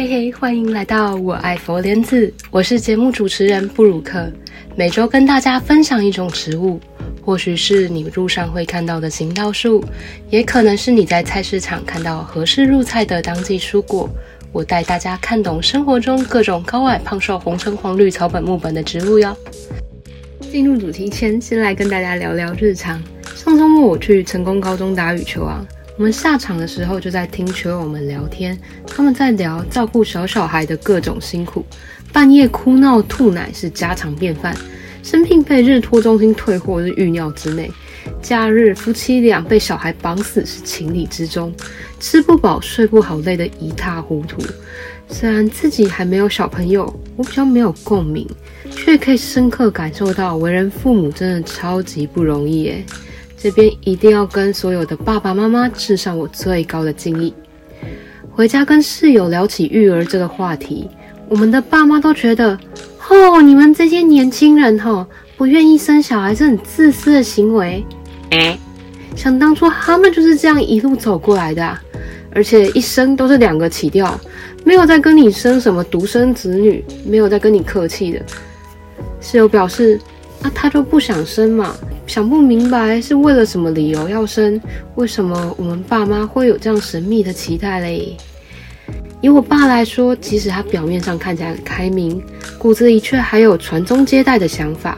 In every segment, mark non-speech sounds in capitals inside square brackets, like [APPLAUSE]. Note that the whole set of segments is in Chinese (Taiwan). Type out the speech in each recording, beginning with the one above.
嘿嘿，hey, hey, 歡迎來到我愛佛蓮子，我是節目主持人布魯克，每周跟大家分享一種植物，或許是你路上會看到的行道樹，也可能是你在菜市場看到合適入菜的當季蔬果。我帶大家看懂生活中各種高矮胖瘦紅橙黃綠草本木本的植物喲。進入主題前，先來跟大家聊聊日常。上周末我去成功高中打羽球啊。我們下場的時候就在聽球友們聊天，他們在聊照顧小小孩的各種辛苦，半夜哭鬧吐奶是家常便飯，生病被日托中心退貨是預料之內，假日夫妻倆被小孩綁死是情理之中，吃不飽睡不好累得一塌糊塗。雖然自己還沒有小朋友，我比較沒有共鳴，卻可以深刻感受到為人父母真的超級不容易誒這邊一定要跟所有的爸爸媽媽致上我最高的敬意。回家跟室友聊起育兒這個話題，我們的爸媽都覺得，吼，你們這些年輕人吼，不願意生小孩是很自私的行為。欸、想當初他們就是這樣一路走過來的、啊，而且一生都是兩個起調，沒有再跟你生什麼獨生子女，沒有再跟你客氣的。室友表示。那、啊、他就不想生嘛，想不明白是為了什麼理由要生，為什麼我們爸媽會有這樣神秘的期待嘞？以我爸來說，即使他表面上看起來很開明，骨子裡卻還有傳宗接代的想法。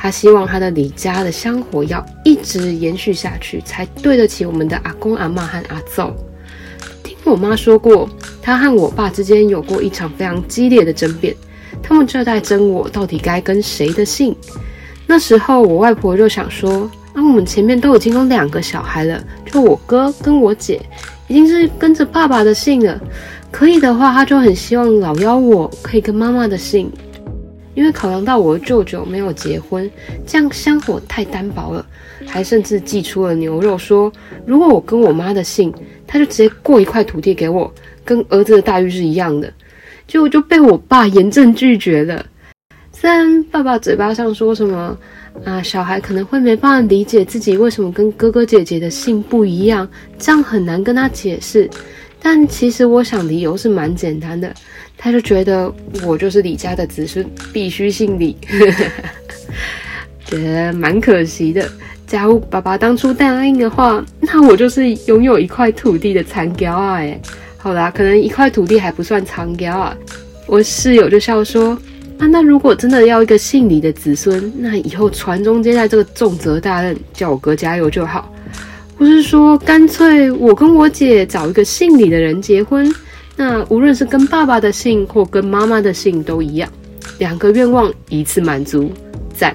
他希望他的李家的香火要一直延續下去，才對得起我們的阿公阿嬤和阿祖。聽我媽說過，他和我爸之間有過一場非常激烈的爭辯，他們就在爭我到底該跟誰的姓。那時候我外婆就想說，那、啊、我們前面都已經有兩個小孩了，就我哥跟我姐，已經是跟着爸爸的姓了，可以的話，她就很希望老幺我可以跟媽媽的姓，因為考量到我的舅舅沒有結婚，這樣香火太單薄了，還甚至祭出了牛肉說，如果我跟我媽的姓，他就直接過一塊土地給我，跟兒子的待遇是一樣的，就就被我爸嚴正拒絕了。雖然爸爸嘴巴上說什麼啊，小孩可能會沒辦法理解自己為什麼跟哥哥姐姐的姓不一樣，這樣很難跟他解釋。但其實我想理由是蠻簡單的，他就覺得我就是李家的子孫，必須姓李。 [LAUGHS] 覺得蠻可惜的，假如爸爸當初答應的話，那我就是擁有一塊土地的田僑仔！哎，好啦，可能一塊土地還不算田僑仔。我室友就笑說。那那如果真的要一個姓李的子孫，那以後傳宗接代這個重責大任，叫我哥加油就好。不是說乾脆我跟我姐找一個姓李的人結婚，那無論是跟爸爸的姓或跟媽媽的姓都一樣，兩個願望一次滿足，讚。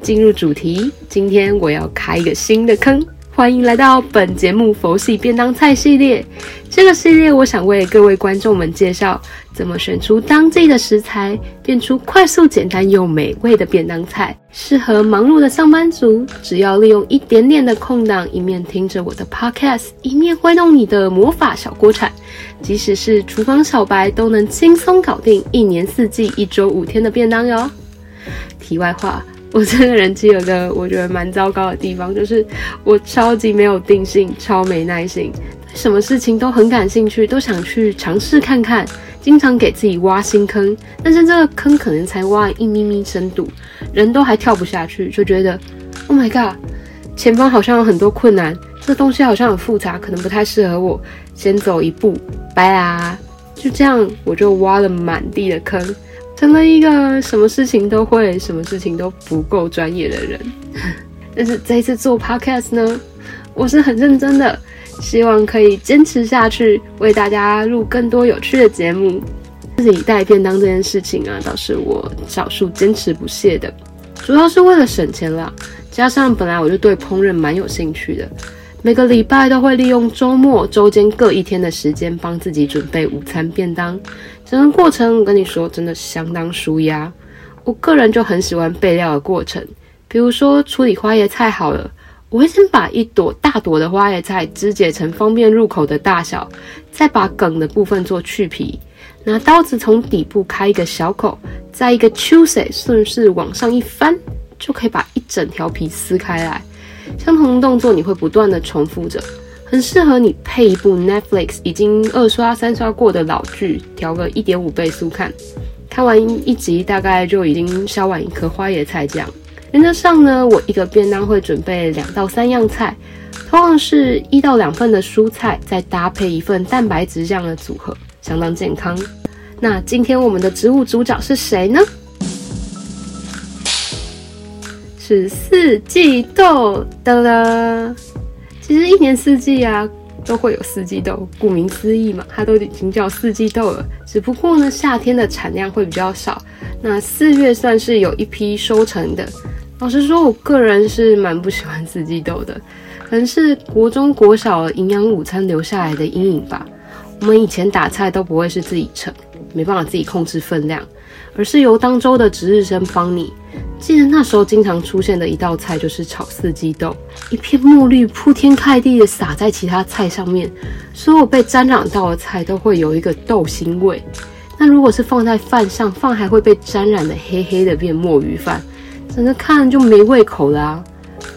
進入主題，今天我要開一個新的坑。歡迎來到本節目《佛系便當菜》系列。這個系列，我想為各位觀眾們介紹怎麼選出當季的食材，變出快速、簡單又美味的便當菜，適合忙碌的上班族。只要利用一點點的空檔，一面聽着我的 Podcast，一面揮動你的魔法小鍋鏟，即使是廚房小白都能輕鬆搞定一年四季、一周五天的便當喲。題外話。我這個人其實有個我覺得蠻糟糕的地方，就是我超級沒有定性，超沒耐心，什麼事情都很感興趣，都想去嘗試看看，經常給自己挖新坑，但是這個坑可能才挖一咪咪深度，人都還跳不下去，就覺得 Oh my god，前方好像有很多困難，這個東西好像很複雜，可能不太適合我，先走一步，拜啦，就這樣，我就挖了滿地的坑。成了一個什麼事情都會、什麼事情都不夠專業的人。 [LAUGHS] 但是這一次做 podcast 呢，我是很認真的，希望可以堅持下去，為大家錄更多有趣的節目。自己帶便當這件事情啊，倒是我少數堅持不懈的，主要是為了省錢啦。加上本來我就對烹飪蠻有興趣的，每個禮拜都會利用週末、週間各一天的時間，幫自己準備午餐便當。整個過程我跟你說，真的相當舒壓。我個人就很喜歡備料的過程，比如說處理花椰菜好了，我會先把一朵大朵的花椰菜肢解成方便入口的大小，再把梗的部分做去皮，拿刀子從底部開一個小口，再一個 c h 順勢往上一翻，就可以把一整條皮撕開來。相同的動作你會不斷的重複着。很適合你配一部 Netflix 已經二刷三刷過的老劇，調個一點五倍速看。看完一集大概就已經削完一顆花椰菜這樣。原則上呢，我一個便當會準備兩到三樣菜，通常是一到兩份的蔬菜，再搭配一份蛋白質這樣的組合，相當健康。那今天我們的植物主角是誰呢？是四季豆的了。噠噠其實一年四季啊，都會有四季豆。顧名思義嘛，它都已經叫四季豆了。只不過呢，夏天的產量會比較少。那四月算是有一批收成的。老實說，我個人是蠻不喜歡四季豆的，可能是國中國小營養午餐留下來的陰影吧。我們以前打菜都不會是自己盛，沒辦法自己控制分量，而是由當周的值日生幫你。記得那時候經常出現的一道菜就是炒四季豆，一片墨綠鋪天蓋地的撒在其他菜上面，所有被沾染到的菜都會有一個豆腥味。那如果是放在飯上，飯還會被沾染的黑黑的變墨魚飯，整個看就沒胃口啦啊。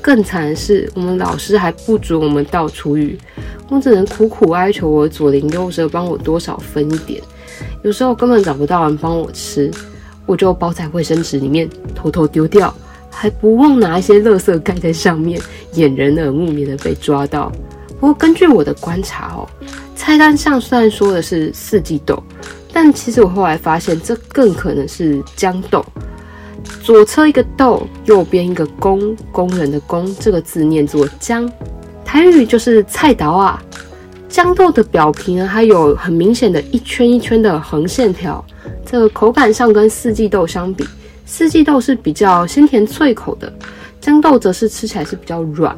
更慘的是，我們老師還不准我們倒廚餘，我只能苦苦哀求我左鄰右舍幫我多少分一點，有時候根本找不到人幫我吃。我就包在衛生紙裡面，偷偷丟掉，還不忘拿一些垃圾蓋在上面，掩人耳目，免得被抓到。不過根據我的觀察哦，菜單上雖然說的是四季豆，但其實我後來發現這更可能是豇豆。左側一個豆，右邊一個工，工人的工，這個字念作“豇”。台語就是菜刀啊。豇豆的表皮呢，還有很明顯的一圈一圈的橫線條。的口感上跟四季豆相比，四季豆是比較鮮甜脆口的，豇豆則是吃起來是比較軟。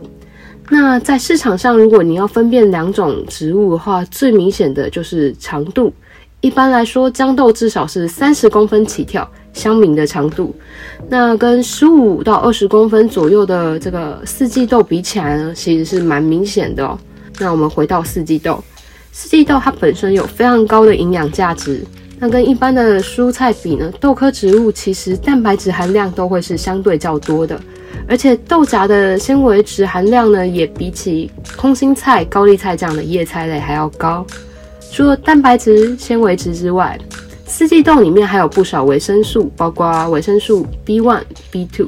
那在市場上，如果你要分辨兩種植物的話，最明顯的就是長度。一般來說，豇豆至少是三十公分起跳，相鄰的長度。那跟十五到二十公分左右的這個四季豆比起來呢，其實是蠻明顯的哦。那我們回到四季豆，四季豆它本身有非常高的營養價值。那跟一般的蔬菜比呢？豆科植物其實蛋白質含量都會是相對較多的，而且豆莢的纖維質含量呢，也比起空心菜、高麗菜這樣的葉菜類還要高。除了蛋白質、纖維質之外，四季豆裡面還有不少維生素，包括維生素 B1、B2。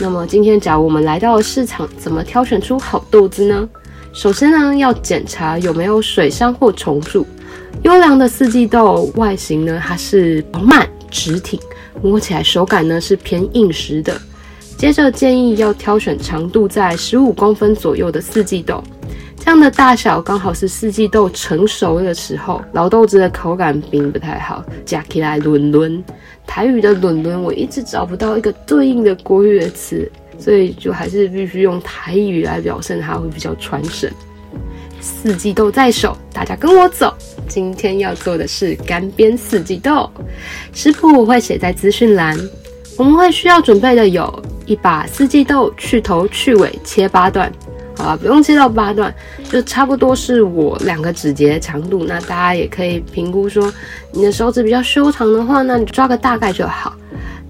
那麼今天，假如我們來到了市場，怎麼挑選出好豆子呢？首先呢，要檢查有沒有水傷或蟲蛀。優良的四季豆外形呢，它是飽滿直挺，摸起來手感呢是偏硬實的。接着建議要挑選長度在十五公分左右的四季豆，這樣的大小剛好是四季豆成熟的時候。老豆子的口感並不太好。夾起來輪輪，台語的輪輪，我一直找不到一個對應的國語的詞，所以就還是必須用台語來表現，它會比較傳神。四季豆在手，大家跟我走。今天要做的是乾煸四季豆，食譜我會寫在資訊欄。我們會需要準備的有，一把四季豆，去頭去尾，切八段。啊，不用切到八段，就差不多是我兩個指節的長度。那大家也可以評估說，你的手指比較修長的話，那你抓個大概就好。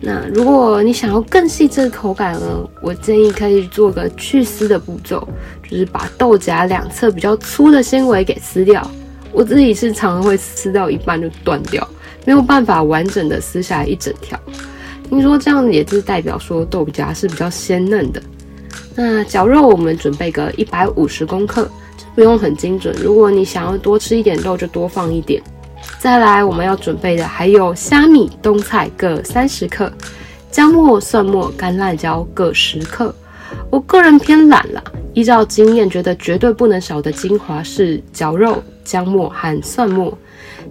那如果你想要更細緻的口感呢，我建議可以做個去絲的步驟，就是把豆莢兩側比較粗的纖維給撕掉。我自己是常常會撕到一半就斷掉，沒有辦法完整的撕下來一整條。聽說這樣子也就是代表說豆莢是比較鮮嫩的。那絞肉我們準備個一百五十公克，這不用很精準，如果你想要多吃一點肉就多放一點。再來，我們要準備的還有蝦米、冬菜各三十克，薑末、蒜末、乾辣椒各十克。我個人偏懶啦，依照經驗覺得絕對不能少的精華是絞肉、薑末和蒜末。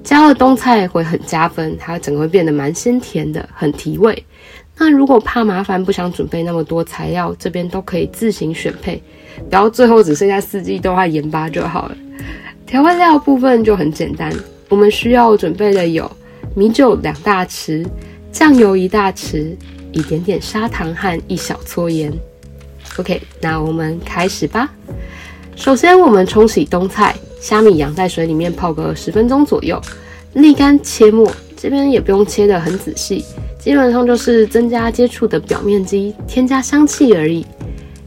加了冬菜會很加分，它整個會變得蠻鮮甜的，很提味。那如果怕麻煩，不想準備那麼多材料，這邊都可以自行選配，然後最後只剩下四季豆和鹽巴就好了。調味料的部分就很簡單。我們需要準備的有米酒兩大匙，醬油一大匙，一點點砂糖和一小撮鹽。OK，那我們開始吧。首先，我們沖洗冬菜，蝦米養在水裡面泡個十分鐘左右，瀝乾切末。這邊也不用切得很仔細，基本上就是增加接觸的表面積，添加香氣而已。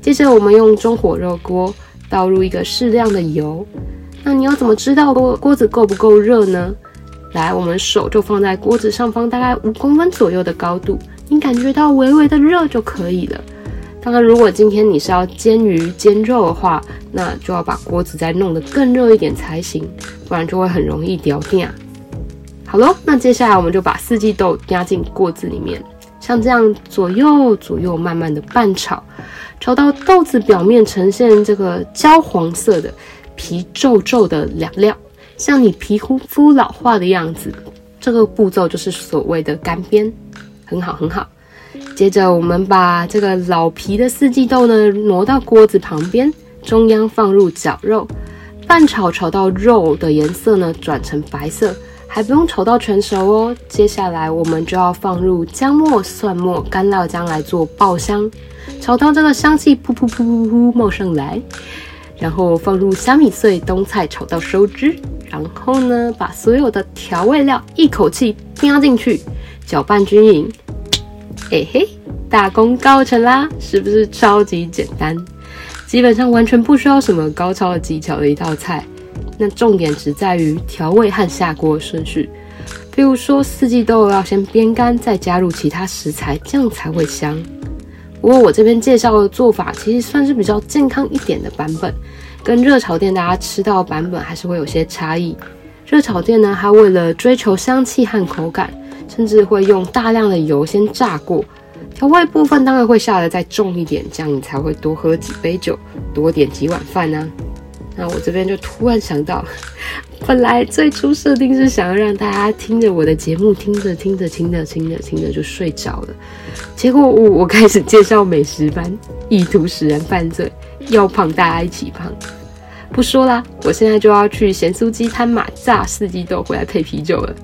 接着，我們用中火熱鍋，倒入一個適量的油。那你要怎麼知道鍋鍋子夠不夠熱呢？來，我們手就放在鍋子上方大概五公分左右的高度，你感覺到微微的熱就可以了。當然，如果今天你是要煎魚煎肉的話，那就要把鍋子再弄得更熱一點才行，不然就會很容易掉電啊。好嘍，那接下來我們就把四季豆壓進鍋子裡面，像這樣左右左右慢慢的拌炒，炒到豆子表面呈現這個焦黃色的。皮皺皺的兩料，像你皮膚膚老化的樣子。這個步驟就是所謂的乾煸，很好很好。接着我們把這個老皮的四季豆呢，挪到鍋子旁邊，中央放入絞肉，拌炒，炒到肉的顏色呢，轉成白色，還不用炒到全熟哦。接下來我們就要放入薑末、蒜末、乾辣椒，來做爆香，炒到這個香氣噗噗噗噗冒上來。然後放入蝦米碎、冬菜，炒到收汁。然後呢，把所有的調味料一口氣飆進去，攪拌均勻。哎嘿，嘿，大功告成啦！是不是超級簡單？基本上完全不需要什麼高超的技巧的一道菜。那重點只在於調味和下鍋的順序。比如說四季豆要先煸乾，再加入其他食材，這樣才會香。不過我這邊介紹的做法其實算是比較健康一點的版本，跟熱炒店大家吃到的版本還是會有些差異。熱炒店呢，它為了追求香氣和口感，甚至會用大量的油先炸過，調味部分當然會下得再重一點，這樣你才會多喝幾杯酒，多點幾碗飯呢啊。那我這邊就突然想到，本來最初設定是想要讓大家聽着我的節目聽着聽着聽着聽着聽着就睡着了，結果我開始介紹美食班，意圖使人犯罪，要胖大家一起胖，不說啦，我現在就要去鹹酥雞攤買炸四季豆回來配啤酒了。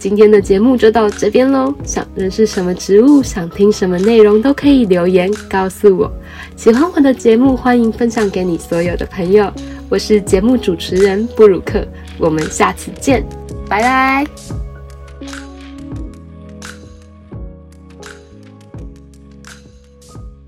今天的節目就到這邊嘍，想認識什麼植物，想聽什麼內容都可以留言告訴我。喜歡我的節目，歡迎分享給你所有的朋友。我是節目主持人布魯克，我們下次見，拜拜。